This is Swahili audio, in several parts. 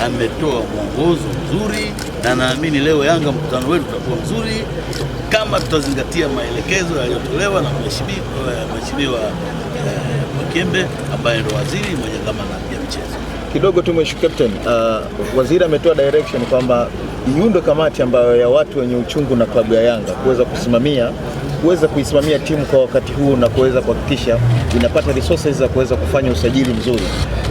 ametoa mwongozo mzuri, na naamini leo Yanga mkutano wetu utakuwa mzuri kama tutazingatia maelekezo yaliyotolewa na mheshimiwa Mwakembe eh, eh ambaye ndo waziri mwenye dhamana ya michezo. Kidogo tu mheshimiwa captain, uh, waziri ametoa direction kwamba iundwe kamati ambayo ya watu wenye uchungu na klabu ya Yanga kuweza kusimamia kuweza kuisimamia timu kwa wakati huu na kuweza kuhakikisha inapata resources za kuweza kufanya usajili mzuri.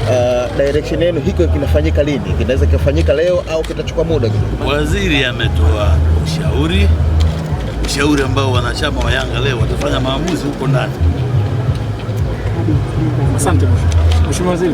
Eh, direction yenu hiko kinafanyika lini? Kinaweza kikafanyika leo au kitachukua muda? Waziri ametoa ushauri, ushauri ambao wanachama wa Yanga leo watafanya maamuzi huko ndani. Asante Mheshimiwa Waziri.